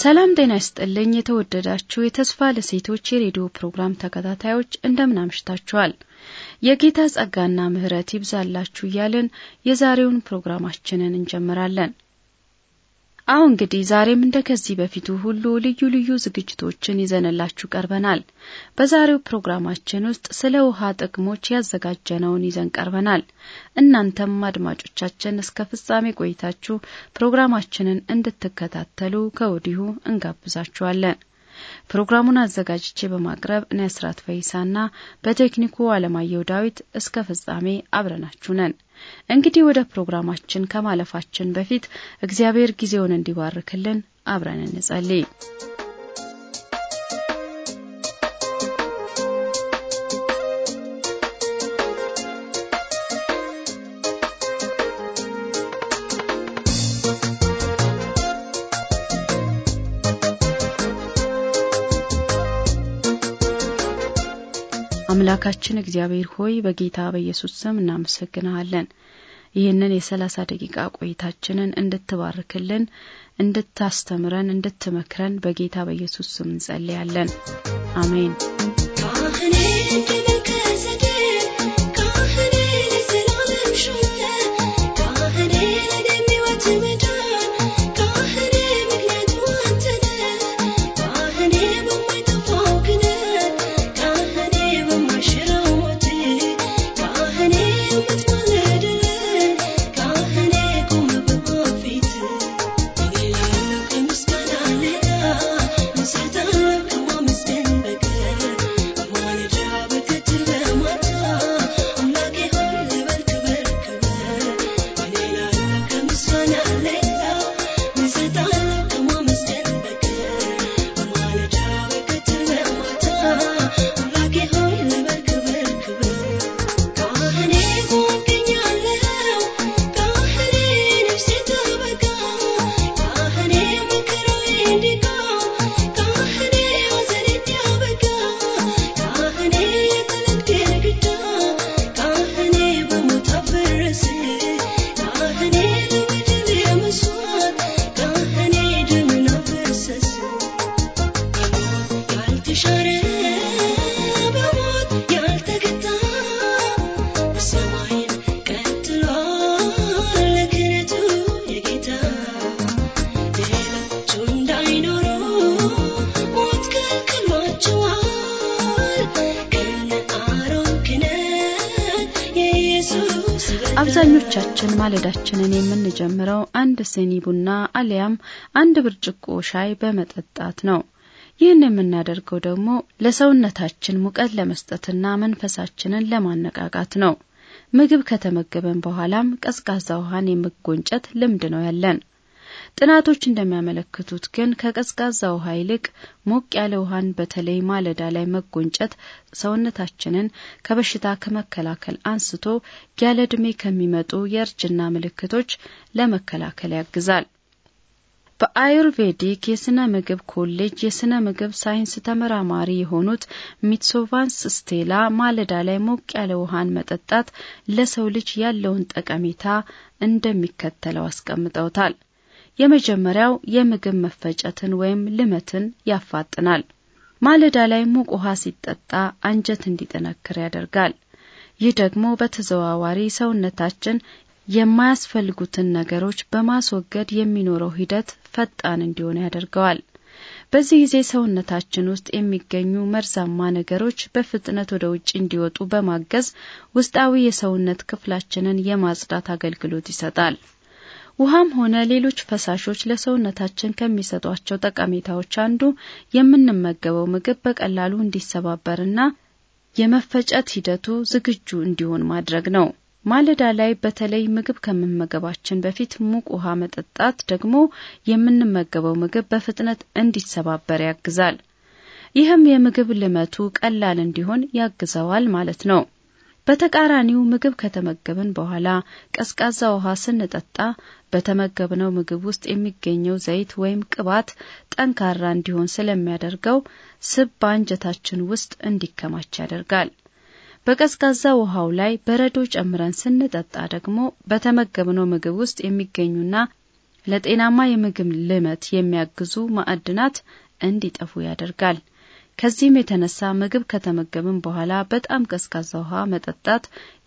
ሰላም ጤና ይስጥልኝ። የተወደዳችሁ የተስፋ ለሴቶች የሬዲዮ ፕሮግራም ተከታታዮች እንደምን አምሽታችኋል? የጌታ ጸጋና ምሕረት ይብዛላችሁ እያልን የዛሬውን ፕሮግራማችንን እንጀምራለን። አሁ እንግዲህ ዛሬም እንደ ከዚህ በፊቱ ሁሉ ልዩ ልዩ ዝግጅቶችን ይዘንላችሁ ቀርበናል። በዛሬው ፕሮግራማችን ውስጥ ስለ ውሃ ጥቅሞች ያዘጋጀነውን ይዘን ቀርበናል። እናንተም አድማጮቻችን እስከ ፍጻሜ ቆይታችሁ ፕሮግራማችንን እንድትከታተሉ ከወዲሁ እንጋብዛችኋለን። ፕሮግራሙን አዘጋጅቼ በማቅረብ እኔ አስራት ፈይሳና በቴክኒኩ አለማየሁ ዳዊት እስከ ፍጻሜ አብረናችሁ ነን። እንግዲህ ወደ ፕሮግራማችን ከማለፋችን በፊት እግዚአብሔር ጊዜውን እንዲባርክልን አብረን እንጸልይ። አምላካችን እግዚአብሔር ሆይ በጌታ በኢየሱስ ስም እናመሰግናለን። ይህንን የሰላሳ ደቂቃ ቆይታችንን እንድትባርክልን፣ እንድታስተምረን፣ እንድትመክረን በጌታ በኢየሱስ ስም እንጸልያለን። አሜን። የምጀምረው አንድ ስኒ ቡና አሊያም አንድ ብርጭቆ ሻይ በመጠጣት ነው። ይህን የምናደርገው ደግሞ ለሰውነታችን ሙቀት ለመስጠትና መንፈሳችንን ለማነቃቃት ነው። ምግብ ከተመገበን በኋላም ቀዝቃዛ ውሃን የመጎንጨት ልምድ ነው ያለን። ጥናቶች እንደሚያመለክቱት ግን ከቀዝቃዛ ውሃ ይልቅ ሞቅ ያለ ውሃን በተለይ ማለዳ ላይ መጎንጨት ሰውነታችንን ከበሽታ ከመከላከል አንስቶ ያለ ዕድሜ ከሚመጡ የእርጅና ምልክቶች ለመከላከል ያግዛል። በአዩርቬዲክ የስነ ምግብ ኮሌጅ የስነ ምግብ ሳይንስ ተመራማሪ የሆኑት ሚትሶቫንስ ስቴላ ማለዳ ላይ ሞቅ ያለ ውሃን መጠጣት ለሰው ልጅ ያለውን ጠቀሜታ እንደሚከተለው አስቀምጠውታል። የመጀመሪያው የምግብ መፈጨትን ወይም ልመትን ያፋጥናል። ማለዳ ላይ ሙቅ ውሃ ሲጠጣ አንጀት እንዲጠነክር ያደርጋል። ይህ ደግሞ በተዘዋዋሪ ሰውነታችን የማያስፈልጉትን ነገሮች በማስወገድ የሚኖረው ሂደት ፈጣን እንዲሆን ያደርገዋል። በዚህ ጊዜ ሰውነታችን ውስጥ የሚገኙ መርዛማ ነገሮች በፍጥነት ወደ ውጭ እንዲወጡ በማገዝ ውስጣዊ የሰውነት ክፍላችንን የማጽዳት አገልግሎት ይሰጣል። ውሃም ሆነ ሌሎች ፈሳሾች ለሰውነታችን ከሚሰጧቸው ጠቀሜታዎች አንዱ የምንመገበው ምግብ በቀላሉ እንዲሰባበርና የመፈጨት ሂደቱ ዝግጁ እንዲሆን ማድረግ ነው። ማለዳ ላይ በተለይ ምግብ ከመመገባችን በፊት ሙቅ ውሃ መጠጣት ደግሞ የምንመገበው ምግብ በፍጥነት እንዲሰባበር ያግዛል። ይህም የምግብ ልመቱ ቀላል እንዲሆን ያግዘዋል ማለት ነው። በተቃራኒው ምግብ ከተመገብን በኋላ ቀዝቃዛ ውሃ ስንጠጣ በተመገብነው ምግብ ውስጥ የሚገኘው ዘይት ወይም ቅባት ጠንካራ እንዲሆን ስለሚያደርገው ስብ በአንጀታችን ውስጥ እንዲከማች ያደርጋል። በቀዝቃዛ ውሃው ላይ በረዶ ጨምረን ስንጠጣ ደግሞ በተመገብነው ምግብ ውስጥ የሚገኙና ለጤናማ የምግብ ልመት የሚያግዙ ማዕድናት እንዲጠፉ ያደርጋል። ከዚህም የተነሳ ምግብ ከተመገብን በኋላ በጣም ቀዝቃዛ ውሃ መጠጣት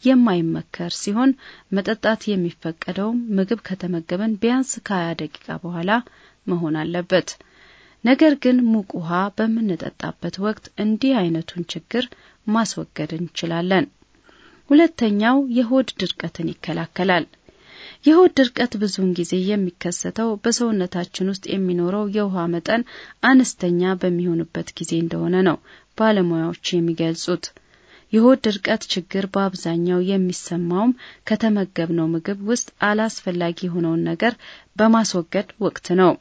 የማይመከር ሲሆን መጠጣት የሚፈቀደውም ምግብ ከተመገብን ቢያንስ ከሀያ ደቂቃ በኋላ መሆን አለበት። ነገር ግን ሙቅ ውሃ በምንጠጣበት ወቅት እንዲህ አይነቱን ችግር ማስወገድ እንችላለን። ሁለተኛው የሆድ ድርቀትን ይከላከላል። የሆድ ድርቀት ብዙውን ጊዜ የሚከሰተው በሰውነታችን ውስጥ የሚኖረው የውሃ መጠን አነስተኛ በሚሆንበት ጊዜ እንደሆነ ነው ባለሙያዎች የሚገልጹት። የሆድ ድርቀት ችግር በአብዛኛው የሚሰማውም ከተመገብነው ምግብ ውስጥ አላስፈላጊ የሆነውን ነገር በማስወገድ ወቅት ነው።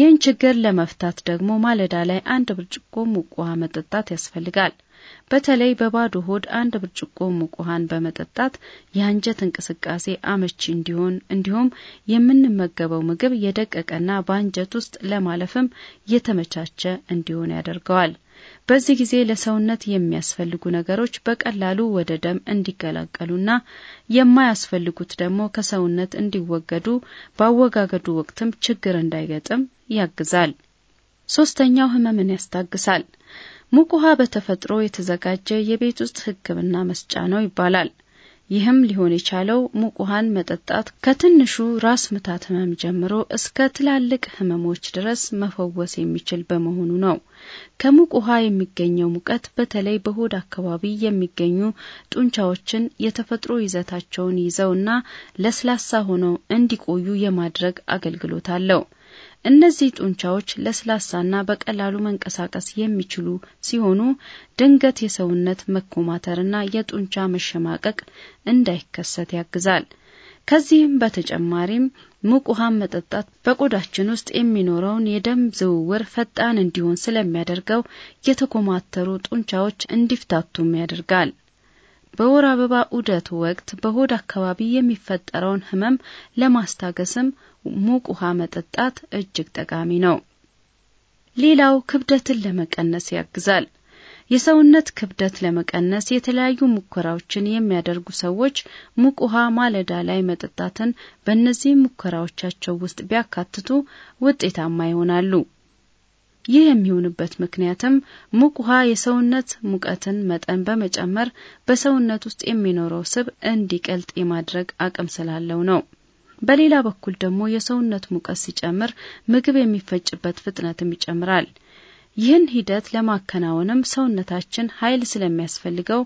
ይህን ችግር ለመፍታት ደግሞ ማለዳ ላይ አንድ ብርጭቆ ሙቅ ውሃ መጠጣት ያስፈልጋል። በተለይ በባዶ ሆድ አንድ ብርጭቆ ሙቅ ውሃን በመጠጣት የአንጀት እንቅስቃሴ አመቺ እንዲሆን እንዲሁም የምንመገበው ምግብ የደቀቀና በአንጀት ውስጥ ለማለፍም የተመቻቸ እንዲሆን ያደርገዋል። በዚህ ጊዜ ለሰውነት የሚያስፈልጉ ነገሮች በቀላሉ ወደ ደም እንዲቀላቀሉና የማያስፈልጉት ደግሞ ከሰውነት እንዲወገዱ ባወጋገዱ ወቅትም ችግር እንዳይገጥም ያግዛል። ሶስተኛው ህመምን ያስታግሳል። ሙቅ ውሃ በተፈጥሮ የተዘጋጀ የቤት ውስጥ ሕክምና መስጫ ነው ይባላል። ይህም ሊሆን የቻለው ሙቅ ውሃን መጠጣት ከትንሹ ራስ ምታት ህመም ጀምሮ እስከ ትላልቅ ህመሞች ድረስ መፈወስ የሚችል በመሆኑ ነው። ከሙቅ ውሃ የሚገኘው ሙቀት በተለይ በሆድ አካባቢ የሚገኙ ጡንቻዎችን የተፈጥሮ ይዘታቸውን ይዘውና ለስላሳ ሆነው እንዲቆዩ የማድረግ አገልግሎት አለው። እነዚህ ጡንቻዎች ለስላሳና በቀላሉ መንቀሳቀስ የሚችሉ ሲሆኑ ድንገት የሰውነት መኮማተርና የጡንቻ መሸማቀቅ እንዳይከሰት ያግዛል። ከዚህም በተጨማሪም ሙቅ ውሃን መጠጣት በቆዳችን ውስጥ የሚኖረውን የደም ዝውውር ፈጣን እንዲሆን ስለሚያደርገው የተኮማተሩ ጡንቻዎች እንዲፍታቱም ያደርጋል። በወር አበባ ዑደት ወቅት በሆድ አካባቢ የሚፈጠረውን ህመም ለማስታገስም ሙቅ ውሃ መጠጣት እጅግ ጠቃሚ ነው። ሌላው ክብደትን ለመቀነስ ያግዛል። የሰውነት ክብደት ለመቀነስ የተለያዩ ሙከራዎችን የሚያደርጉ ሰዎች ሙቅ ውሃ ማለዳ ላይ መጠጣትን በእነዚህ ሙከራዎቻቸው ውስጥ ቢያካትቱ ውጤታማ ይሆናሉ። ይህ የሚሆንበት ምክንያትም ሙቅ ውሃ የሰውነት ሙቀትን መጠን በመጨመር በሰውነት ውስጥ የሚኖረው ስብ እንዲቀልጥ የማድረግ አቅም ስላለው ነው። በሌላ በኩል ደግሞ የሰውነት ሙቀት ሲጨምር ምግብ የሚፈጭበት ፍጥነትም ይጨምራል። ይህን ሂደት ለማከናወንም ሰውነታችን ኃይል ስለሚያስፈልገው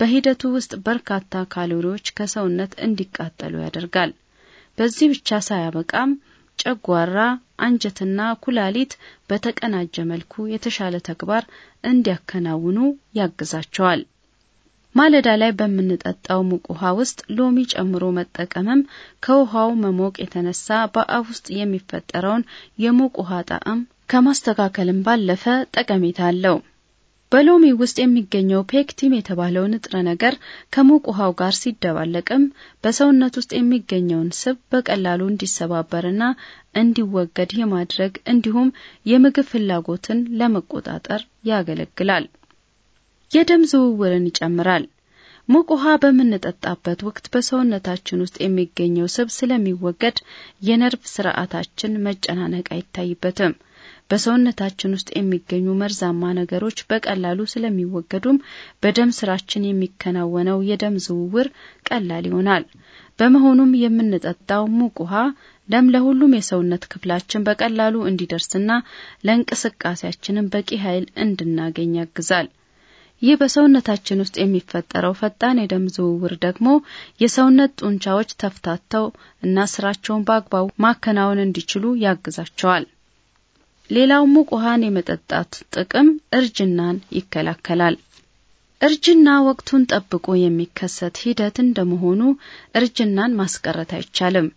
በሂደቱ ውስጥ በርካታ ካሎሪዎች ከሰውነት እንዲቃጠሉ ያደርጋል። በዚህ ብቻ ሳያበቃም ጨጓራ፣ አንጀትና ኩላሊት በተቀናጀ መልኩ የተሻለ ተግባር እንዲያከናውኑ ያግዛቸዋል። ማለዳ ላይ በምንጠጣው ሙቅ ውሃ ውስጥ ሎሚ ጨምሮ መጠቀምም ከውሃው መሞቅ የተነሳ በአፍ ውስጥ የሚፈጠረውን የሙቅ ውሃ ጣዕም ከማስተካከልም ባለፈ ጠቀሜታ አለው። በሎሚ ውስጥ የሚገኘው ፔክቲም የተባለው ንጥረ ነገር ከሙቅ ውሃው ጋር ሲደባለቅም በሰውነት ውስጥ የሚገኘውን ስብ በቀላሉ እንዲሰባበርና እንዲወገድ የማድረግ እንዲሁም የምግብ ፍላጎትን ለመቆጣጠር ያገለግላል። የደም ዝውውርን ይጨምራል። ሙቅ ውሃ በምንጠጣበት ወቅት በሰውነታችን ውስጥ የሚገኘው ስብ ስለሚወገድ የነርቭ ስርዓታችን መጨናነቅ አይታይበትም። በሰውነታችን ውስጥ የሚገኙ መርዛማ ነገሮች በቀላሉ ስለሚወገዱም በደም ስራችን የሚከናወነው የደም ዝውውር ቀላል ይሆናል። በመሆኑም የምንጠጣው ሙቅ ውሃ ደም ለሁሉም የሰውነት ክፍላችን በቀላሉ እንዲደርስና ለእንቅስቃሴያችንም በቂ ኃይል እንድናገኝ ያግዛል። ይህ በሰውነታችን ውስጥ የሚፈጠረው ፈጣን የደም ዝውውር ደግሞ የሰውነት ጡንቻዎች ተፍታተው እና ስራቸውን በአግባቡ ማከናወን እንዲችሉ ያግዛቸዋል። ሌላው ሙቅ ውሃን የመጠጣት ጥቅም እርጅናን ይከላከላል። እርጅና ወቅቱን ጠብቆ የሚከሰት ሂደት እንደመሆኑ እርጅናን ማስቀረት አይቻልም።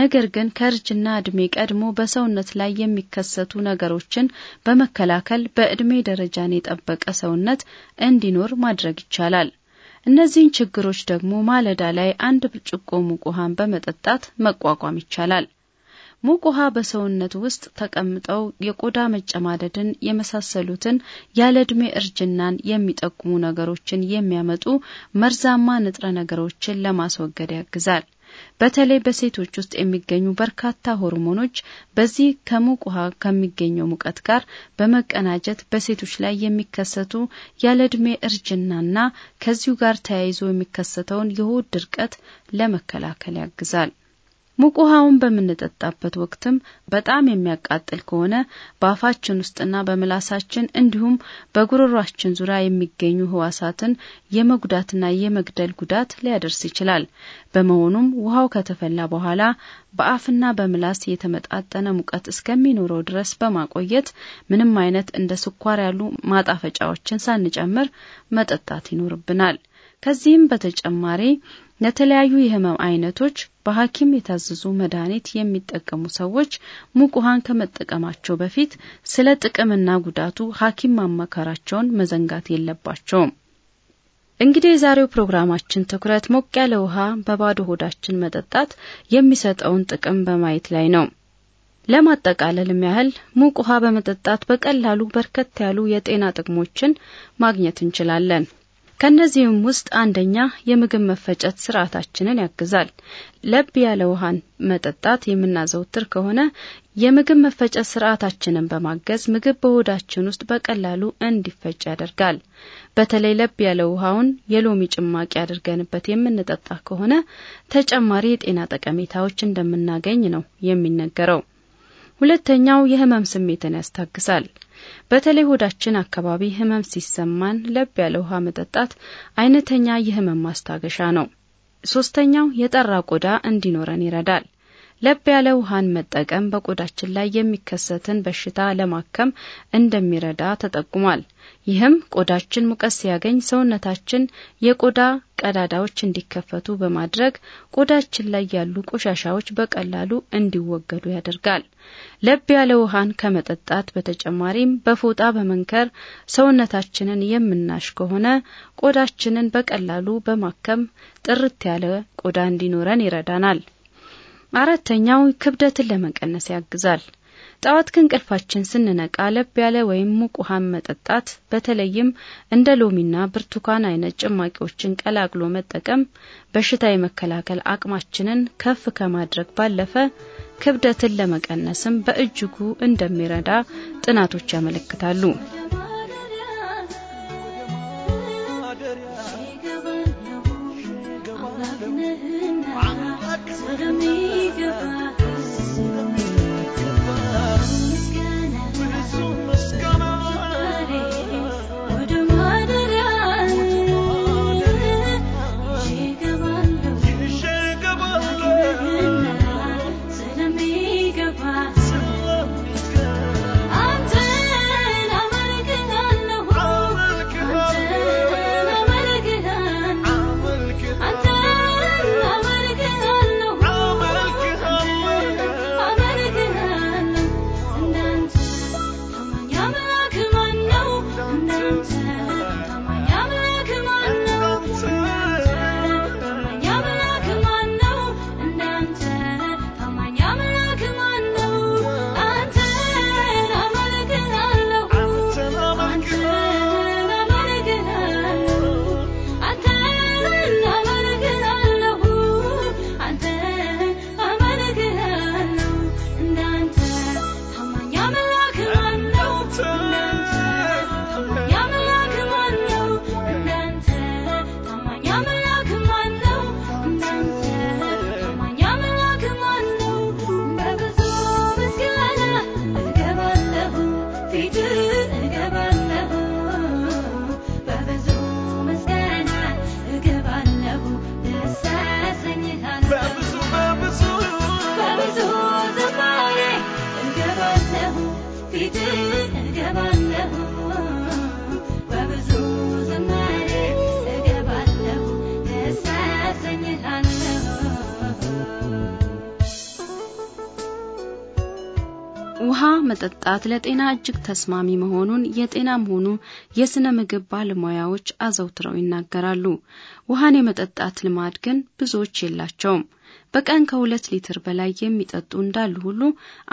ነገር ግን ከእርጅና እድሜ ቀድሞ በሰውነት ላይ የሚከሰቱ ነገሮችን በመከላከል በእድሜ ደረጃን የጠበቀ ሰውነት እንዲኖር ማድረግ ይቻላል። እነዚህን ችግሮች ደግሞ ማለዳ ላይ አንድ ብርጭቆ ሙቅ ውሃን በመጠጣት መቋቋም ይቻላል። ሙቅ ውሃ በሰውነት ውስጥ ተቀምጠው የቆዳ መጨማደድን የመሳሰሉትን ያለ ዕድሜ እርጅናን የሚጠቁሙ ነገሮችን የሚያመጡ መርዛማ ንጥረ ነገሮችን ለማስወገድ ያግዛል። በተለይ በሴቶች ውስጥ የሚገኙ በርካታ ሆርሞኖች በዚህ ከሙቅ ውሃ ከሚገኘው ሙቀት ጋር በመቀናጀት በሴቶች ላይ የሚከሰቱ ያለ ዕድሜ እርጅናና ከዚሁ ጋር ተያይዞ የሚከሰተውን የሆድ ድርቀት ለመከላከል ያግዛል። ሙቅ ውሃውን በምንጠጣበት ወቅትም በጣም የሚያቃጥል ከሆነ በአፋችን ውስጥና በምላሳችን እንዲሁም በጉሮሯችን ዙሪያ የሚገኙ ህዋሳትን የመጉዳትና የመግደል ጉዳት ሊያደርስ ይችላል። በመሆኑም ውሃው ከተፈላ በኋላ በአፍና በምላስ የተመጣጠነ ሙቀት እስከሚኖረው ድረስ በማቆየት ምንም አይነት እንደ ስኳር ያሉ ማጣፈጫዎችን ሳንጨምር መጠጣት ይኖርብናል። ከዚህም በተጨማሪ ለተለያዩ የህመም አይነቶች በሐኪም የታዘዙ መድኃኒት የሚጠቀሙ ሰዎች ሙቅ ውሃን ከመጠቀማቸው በፊት ስለ ጥቅምና ጉዳቱ ሐኪም ማማከራቸውን መዘንጋት የለባቸውም። እንግዲህ የዛሬው ፕሮግራማችን ትኩረት ሞቅ ያለ ውሃ በባዶ ሆዳችን መጠጣት የሚሰጠውን ጥቅም በማየት ላይ ነው። ለማጠቃለልም ያህል ሙቅ ውሃ በመጠጣት በቀላሉ በርከት ያሉ የጤና ጥቅሞችን ማግኘት እንችላለን። ከእነዚህም ውስጥ አንደኛ የምግብ መፈጨት ስርዓታችንን ያግዛል። ለብ ያለ ውሃን መጠጣት የምናዘወትር ከሆነ የምግብ መፈጨት ስርዓታችንን በማገዝ ምግብ በሆዳችን ውስጥ በቀላሉ እንዲፈጭ ያደርጋል። በተለይ ለብ ያለ ውሃውን የሎሚ ጭማቂ አድርገንበት የምንጠጣ ከሆነ ተጨማሪ የጤና ጠቀሜታዎች እንደምናገኝ ነው የሚነገረው። ሁለተኛው የህመም ስሜትን ያስታግሳል። በተለይ ሆዳችን አካባቢ ህመም ሲሰማን ለብ ያለ ውሃ መጠጣት አይነተኛ የህመም ማስታገሻ ነው። ሶስተኛው የጠራ ቆዳ እንዲኖረን ይረዳል። ለብ ያለ ውሃን መጠቀም በቆዳችን ላይ የሚከሰትን በሽታ ለማከም እንደሚረዳ ተጠቁሟል። ይህም ቆዳችን ሙቀት ሲያገኝ ሰውነታችን የቆዳ ቀዳዳዎች እንዲከፈቱ በማድረግ ቆዳችን ላይ ያሉ ቆሻሻዎች በቀላሉ እንዲወገዱ ያደርጋል። ለብ ያለ ውሃን ከመጠጣት በተጨማሪም በፎጣ በመንከር ሰውነታችንን የምናሽ ከሆነ ቆዳችንን በቀላሉ በማከም ጥርት ያለ ቆዳ እንዲኖረን ይረዳናል። አራተኛው ክብደትን ለመቀነስ ያግዛል። ጠዋት ከእንቅልፋችን ስንነቃ ለብ ያለ ወይም ሙቅ ውሃን መጠጣት በተለይም እንደ ሎሚና ብርቱካን አይነት ጭማቂዎችን ቀላቅሎ መጠቀም በሽታ የመከላከል አቅማችንን ከፍ ከማድረግ ባለፈ ክብደትን ለመቀነስም በእጅጉ እንደሚረዳ ጥናቶች ያመለክታሉ። goodbye. መጠጣት ለጤና እጅግ ተስማሚ መሆኑን የጤናም ሆኑ የስነ ምግብ ባለሙያዎች አዘውትረው ይናገራሉ። ውሃን የመጠጣት ልማድ ግን ብዙዎች የላቸውም። በቀን ከሁለት ሊትር በላይ የሚጠጡ እንዳሉ ሁሉ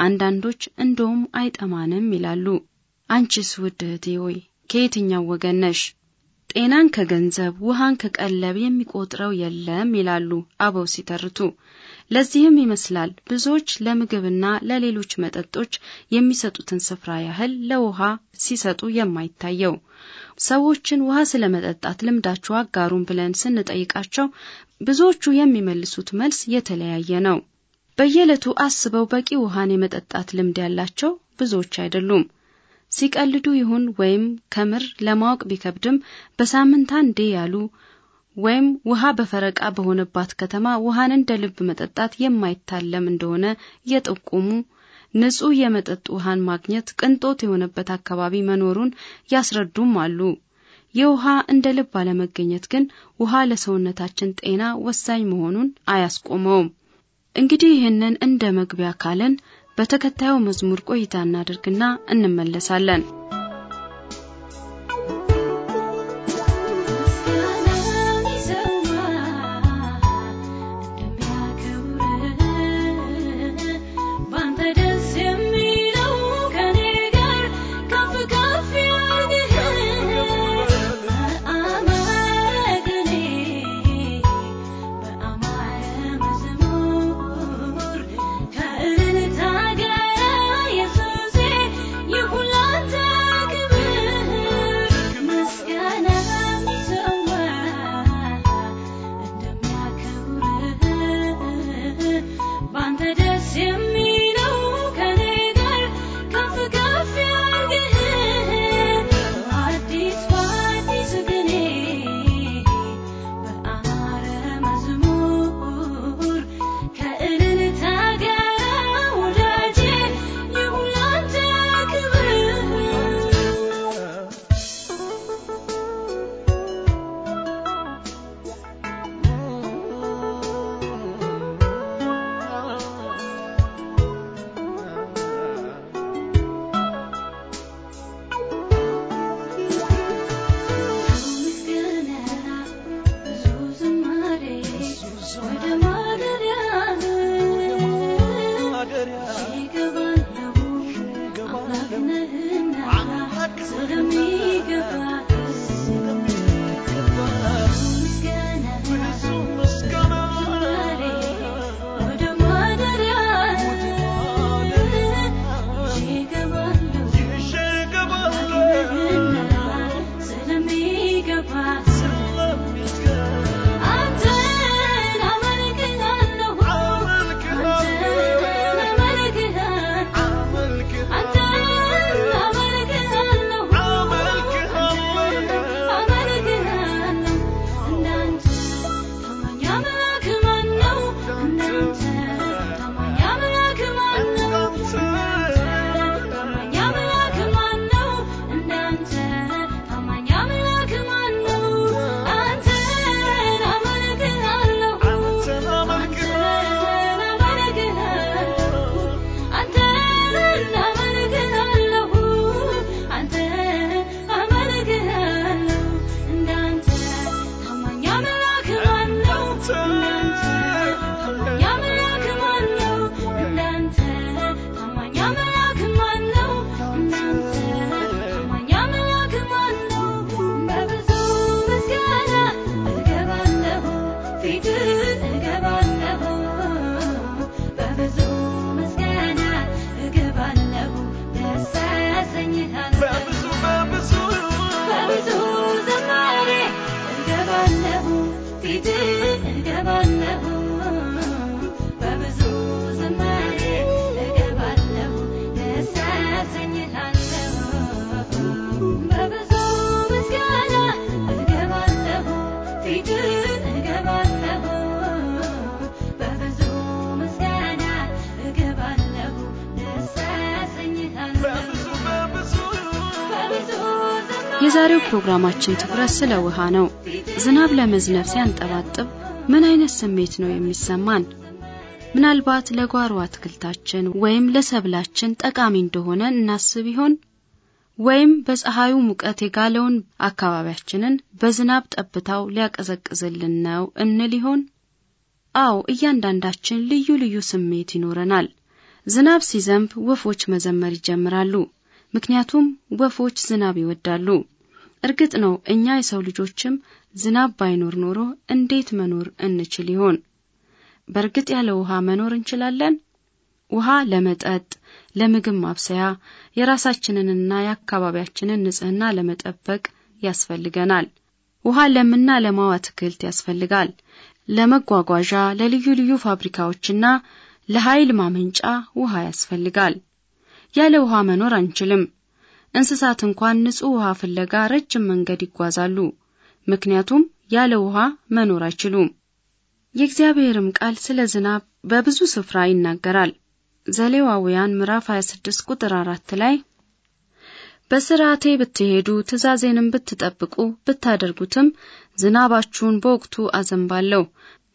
አንዳንዶች እንደውም አይጠማንም ይላሉ። አንቺስ ውድ እህቴ ሆይ ከየትኛው ወገን ነሽ? ጤናን ከገንዘብ ውሃን ከቀለብ የሚቆጥረው የለም ይላሉ አበው ሲተርቱ። ለዚህም ይመስላል ብዙዎች ለምግብና ለሌሎች መጠጦች የሚሰጡትን ስፍራ ያህል ለውሃ ሲሰጡ የማይታየው። ሰዎችን ውሃ ስለ መጠጣት ልምዳችሁ አጋሩን ብለን ስንጠይቃቸው ብዙዎቹ የሚመልሱት መልስ የተለያየ ነው። በየዕለቱ አስበው በቂ ውሃን የመጠጣት ልምድ ያላቸው ብዙዎች አይደሉም። ሲቀልዱ ይሁን ወይም ከምር ለማወቅ ቢከብድም በሳምንት አንዴ ያሉ ወይም ውሃ በፈረቃ በሆነባት ከተማ ውሃን እንደ ልብ መጠጣት የማይታለም እንደሆነ የጠቆሙ ንጹህ የመጠጥ ውሃን ማግኘት ቅንጦት የሆነበት አካባቢ መኖሩን ያስረዱም አሉ። የውሃ እንደ ልብ አለመገኘት ግን ውሃ ለሰውነታችን ጤና ወሳኝ መሆኑን አያስቆመውም። እንግዲህ ይህንን እንደ መግቢያ ካለን በተከታዩ መዝሙር ቆይታ እናደርግና እንመለሳለን። የፕሮግራማችን ትኩረት ስለ ውሃ ነው። ዝናብ ለመዝነብ ሲያንጠባጥብ ምን አይነት ስሜት ነው የሚሰማን? ምናልባት ለጓሮ አትክልታችን ወይም ለሰብላችን ጠቃሚ እንደሆነ እናስብ ይሆን? ወይም በፀሐዩ ሙቀት የጋለውን አካባቢያችንን በዝናብ ጠብታው ሊያቀዘቅዝልን ነው እንል ይሆን? አዎ፣ እያንዳንዳችን ልዩ ልዩ ስሜት ይኖረናል። ዝናብ ሲዘንብ ወፎች መዘመር ይጀምራሉ። ምክንያቱም ወፎች ዝናብ ይወዳሉ። እርግጥ ነው እኛ የሰው ልጆችም ዝናብ ባይኖር ኖሮ እንዴት መኖር እንችል ይሆን? በእርግጥ ያለ ውሃ መኖር እንችላለን? ውሃ ለመጠጥ፣ ለምግብ ማብሰያ፣ የራሳችንንና የአካባቢያችንን ንጽህና ለመጠበቅ ያስፈልገናል። ውሃ ለምና ለማው አትክልት ያስፈልጋል። ለመጓጓዣ፣ ለልዩ ልዩ ፋብሪካዎችና ለኃይል ማመንጫ ውሃ ያስፈልጋል። ያለ ውሃ መኖር አንችልም። እንስሳት እንኳን ንጹህ ውሃ ፍለጋ ረጅም መንገድ ይጓዛሉ፣ ምክንያቱም ያለ ውሃ መኖር አይችሉም። የእግዚአብሔርም ቃል ስለ ዝናብ በብዙ ስፍራ ይናገራል። ዘሌዋውያን ምዕራፍ 26 ቁጥር 4 ላይ በስርዓቴ ብትሄዱ ትእዛዜንም ብትጠብቁ ብታደርጉትም ዝናባችሁን በወቅቱ አዘንባለሁ፣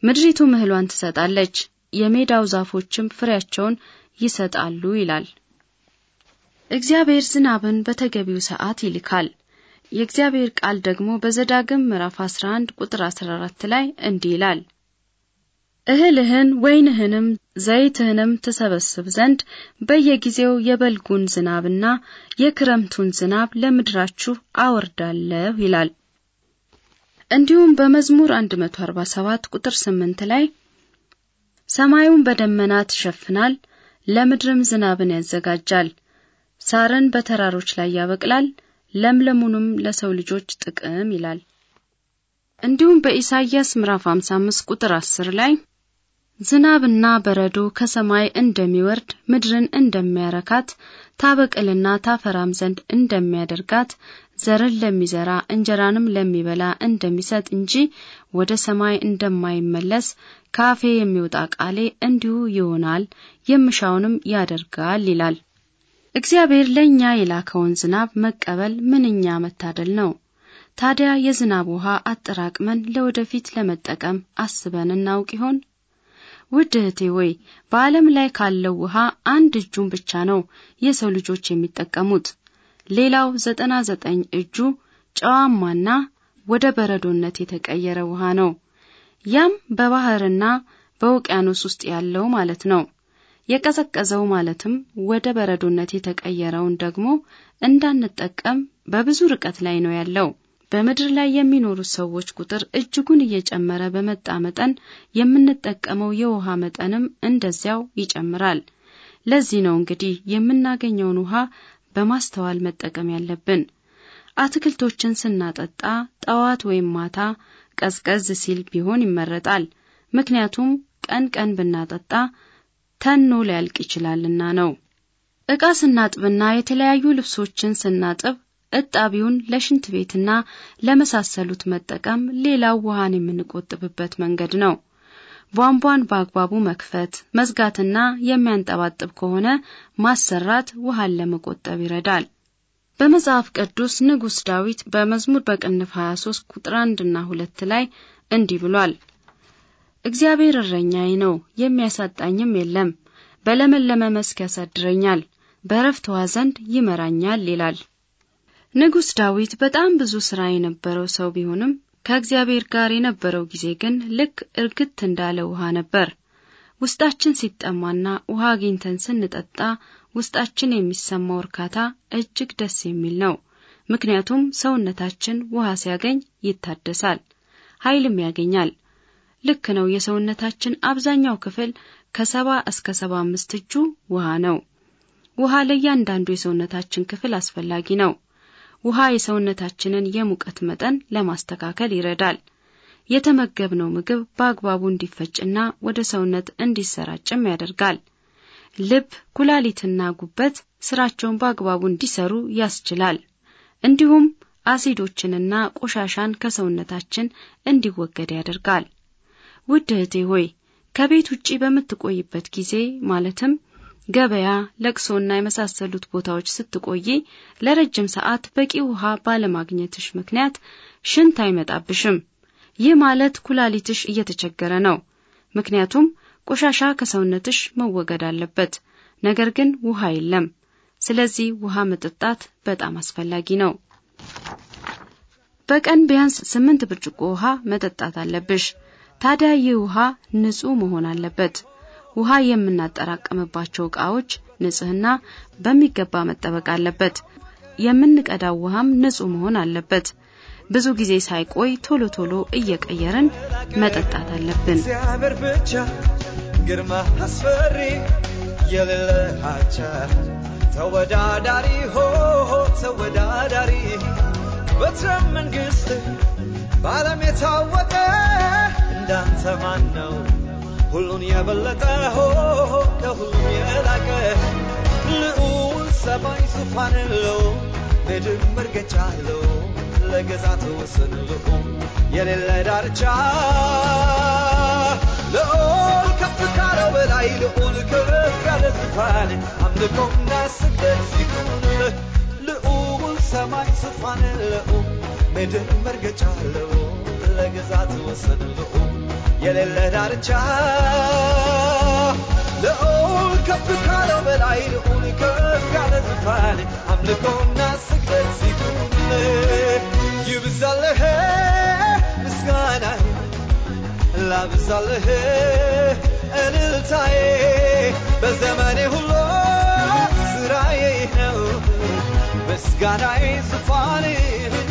ምድሪቱ ምህሏን ትሰጣለች፣ የሜዳው ዛፎችም ፍሬያቸውን ይሰጣሉ ይላል። እግዚአብሔር ዝናብን በተገቢው ሰዓት ይልካል። የእግዚአብሔር ቃል ደግሞ በዘዳግም ምዕራፍ 11 ቁጥር 14 ላይ እንዲህ ይላል፣ እህልህን ወይንህንም ዘይትህንም ትሰበስብ ዘንድ በየጊዜው የበልጉን ዝናብና የክረምቱን ዝናብ ለምድራችሁ አወርዳለሁ ይላል። እንዲሁም በመዝሙር 147 ቁጥር 8 ላይ ሰማዩን በደመና ትሸፍናል፣ ለምድርም ዝናብን ያዘጋጃል ሳርን በተራሮች ላይ ያበቅላል፣ ለምለሙንም ለሰው ልጆች ጥቅም ይላል። እንዲሁም በኢሳይያስ ምዕራፍ 55 ቁጥር 10 ላይ ዝናብና በረዶ ከሰማይ እንደሚወርድ ምድርን እንደሚያረካት ታበቅልና ታፈራም ዘንድ እንደሚያደርጋት ዘርን ለሚዘራ እንጀራንም ለሚበላ እንደሚሰጥ እንጂ ወደ ሰማይ እንደማይመለስ ከአፌ የሚወጣ ቃሌ እንዲሁ ይሆናል፣ የምሻውንም ያደርጋል ይላል። እግዚአብሔር ለእኛ የላከውን ዝናብ መቀበል ምንኛ መታደል ነው! ታዲያ የዝናብ ውሃ አጠራቅመን ለወደፊት ለመጠቀም አስበን እናውቅ ይሆን? ውድ እህቴ በዓለም ላይ ካለው ውሃ አንድ እጁን ብቻ ነው የሰው ልጆች የሚጠቀሙት። ሌላው ዘጠና ዘጠኝ እጁ ጨዋማና ወደ በረዶነት የተቀየረ ውሃ ነው። ያም በባህርና በውቅያኖስ ውስጥ ያለው ማለት ነው። የቀዘቀዘው ማለትም ወደ በረዶነት የተቀየረውን ደግሞ እንዳንጠቀም በብዙ ርቀት ላይ ነው ያለው። በምድር ላይ የሚኖሩት ሰዎች ቁጥር እጅጉን እየጨመረ በመጣ መጠን የምንጠቀመው የውሃ መጠንም እንደዚያው ይጨምራል። ለዚህ ነው እንግዲህ የምናገኘውን ውሃ በማስተዋል መጠቀም ያለብን። አትክልቶችን ስናጠጣ ጠዋት ወይም ማታ ቀዝቀዝ ሲል ቢሆን ይመረጣል። ምክንያቱም ቀን ቀን ብናጠጣ ተኖ ሊያልቅ ይችላልና ነው። ዕቃ ስናጥብና የተለያዩ ልብሶችን ስናጥብ እጣቢውን ለሽንት ቤትና ለመሳሰሉት መጠቀም ሌላው ውሃን የምንቆጥብበት መንገድ ነው። ቧንቧን በአግባቡ መክፈት መዝጋትና የሚያንጠባጥብ ከሆነ ማሰራት ውሃን ለመቆጠብ ይረዳል። በመጽሐፍ ቅዱስ ንጉሥ ዳዊት በመዝሙር በቅንፍ 23 ቁጥር 1 እና 2 ላይ እንዲህ ብሏል። እግዚአብሔር እረኛዬ ነው፣ የሚያሳጣኝም የለም። በለመለመ መስክ ያሳድረኛል፣ በእረፍት ውኃ ዘንድ ይመራኛል ይላል። ንጉሥ ዳዊት በጣም ብዙ ሥራ የነበረው ሰው ቢሆንም ከእግዚአብሔር ጋር የነበረው ጊዜ ግን ልክ እርግት እንዳለ ውሃ ነበር። ውስጣችን ሲጠማና ውሃ አግኝተን ስንጠጣ ውስጣችን የሚሰማው እርካታ እጅግ ደስ የሚል ነው። ምክንያቱም ሰውነታችን ውሃ ሲያገኝ ይታደሳል፣ ኃይልም ያገኛል። ልክ ነው። የሰውነታችን አብዛኛው ክፍል ከሰባ እስከ ሰባ አምስት እጁ ውሃ ነው። ውሃ ለእያንዳንዱ የሰውነታችን ክፍል አስፈላጊ ነው። ውሃ የሰውነታችንን የሙቀት መጠን ለማስተካከል ይረዳል። የተመገብነው ምግብ በአግባቡ እንዲፈጭና ወደ ሰውነት እንዲሰራጭም ያደርጋል። ልብ፣ ኩላሊትና ጉበት ስራቸውን በአግባቡ እንዲሰሩ ያስችላል። እንዲሁም አሲዶችንና ቆሻሻን ከሰውነታችን እንዲወገድ ያደርጋል። ውድ እህቴ ሆይ ከቤት ውጪ በምትቆይበት ጊዜ ማለትም ገበያ፣ ለቅሶና የመሳሰሉት ቦታዎች ስትቆይ ለረጅም ሰዓት በቂ ውሃ ባለማግኘትሽ ምክንያት ሽንት አይመጣብሽም። ይህ ማለት ኩላሊትሽ እየተቸገረ ነው። ምክንያቱም ቆሻሻ ከሰውነትሽ መወገድ አለበት። ነገር ግን ውሃ የለም። ስለዚህ ውሃ መጠጣት በጣም አስፈላጊ ነው። በቀን ቢያንስ ስምንት ብርጭቆ ውሃ መጠጣት አለብሽ። ታዲያ ይህ ውሃ ንጹህ መሆን አለበት። ውሃ የምናጠራቀምባቸው ዕቃዎች ንጽህና በሚገባ መጠበቅ አለበት። የምንቀዳው ውሃም ንጹህ መሆን አለበት። ብዙ ጊዜ ሳይቆይ ቶሎ ቶሎ እየቀየርን መጠጣት አለብን። እግዚአብሔር ብቻ ግርማ አስፈሪ የሌለ አቻ ተወዳዳሪ ሆ ተወዳዳሪ በትረ መንግሥት ባለም የታወቀ እንዳንተ ማን ነው ሁሉን የበለጠ ሆ ከሁሉም የላቀ ልዑል ሰማይ ዙፋን አለው ምድር መርገጫ አለው ለገዛቱ ወሰን ልዑል የሌለ ዳርቻ ልዑል ከፍ ካለው በላይ ልዑል ከፍ ካለ ዙፋን አምልኮና ስግደት ይሁን ልዑል ሰማይ ዙፋን አለው ምድር መርገጫ አለው ለግዛት ወሰድ ልዑል የሌለ ዳርቻ ልዑል ከፍ ካለ በላይ ልዑል ከፍ ካለ ዝፋን አምልኮና ስግደት ሲቱል ይብዛልህ ምስጋና ላብዛልህ እልልታዬ በዘመኔ ሁሉ ስራዬ ይኸው ምስጋናዬ ይህን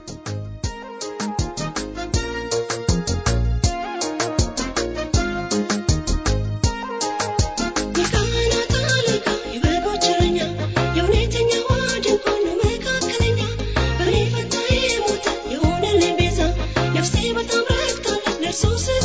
Jesus é